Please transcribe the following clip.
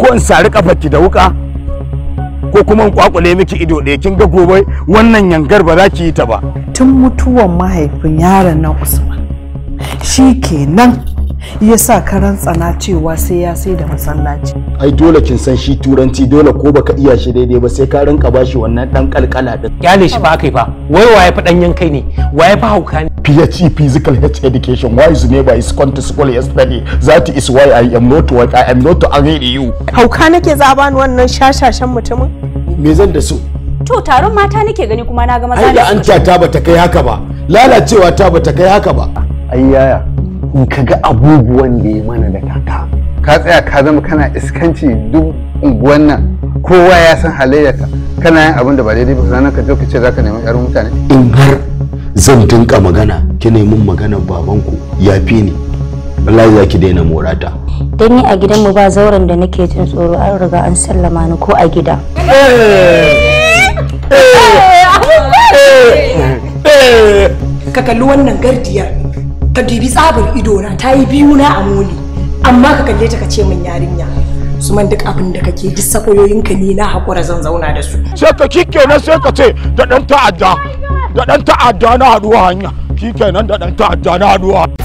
ko in sari ki da wuka ko kuma in kwakule miki ido ɗaya kin ga gobe wannan yangar ba za ki yi ta ba tun mutuwan mahaifin yaron na usman shi kenan ya sa ka rantsana cewa sai ya sai da masallaci ai dole kin san shi turanci dole ko baka iya shi daidai ba sai ka rinka bashi wannan dan kalkala din kyale shi ba kai fa wai waye fa danyen kai ne waye fa hauka ne PhD e, physical health education why is never is gone to school yesterday that is why I am not what I am not agree you hauka nake zabani wannan shashashan mutumin me zan da su to taron mata nake gani kuma na ga maza ai da an ta bata kai haka ba lalacewa ta bata kai haka ba ai yaya in ka ga abubuwan da ya mana da kaka ka tsaya ka zama kana iskanci duk unguwan nan kowa ya san ka kana yin abin da ba daidai ba ka je ka ce za nemi yaran mutane in har zan dinka magana ki nemi magana babanku ya fi ni wallahi za ki daina morata Dan ni a gidan mu ba zauren da nake jin tsoro an riga an sallama ni ko a gida eh! Eh! Eh! ka kalli wannan gardiyar ka dubi tsabar ido na ta yi biyu na a moli amma ka kalle ta ka ce min yarinya su man duk abin da kake duk ka ni na hakura zan zauna da su sai ka na sai ka ce da dan ta'adda da dan ta'adda na haduwa hanya nan da dan ta'adda na haduwa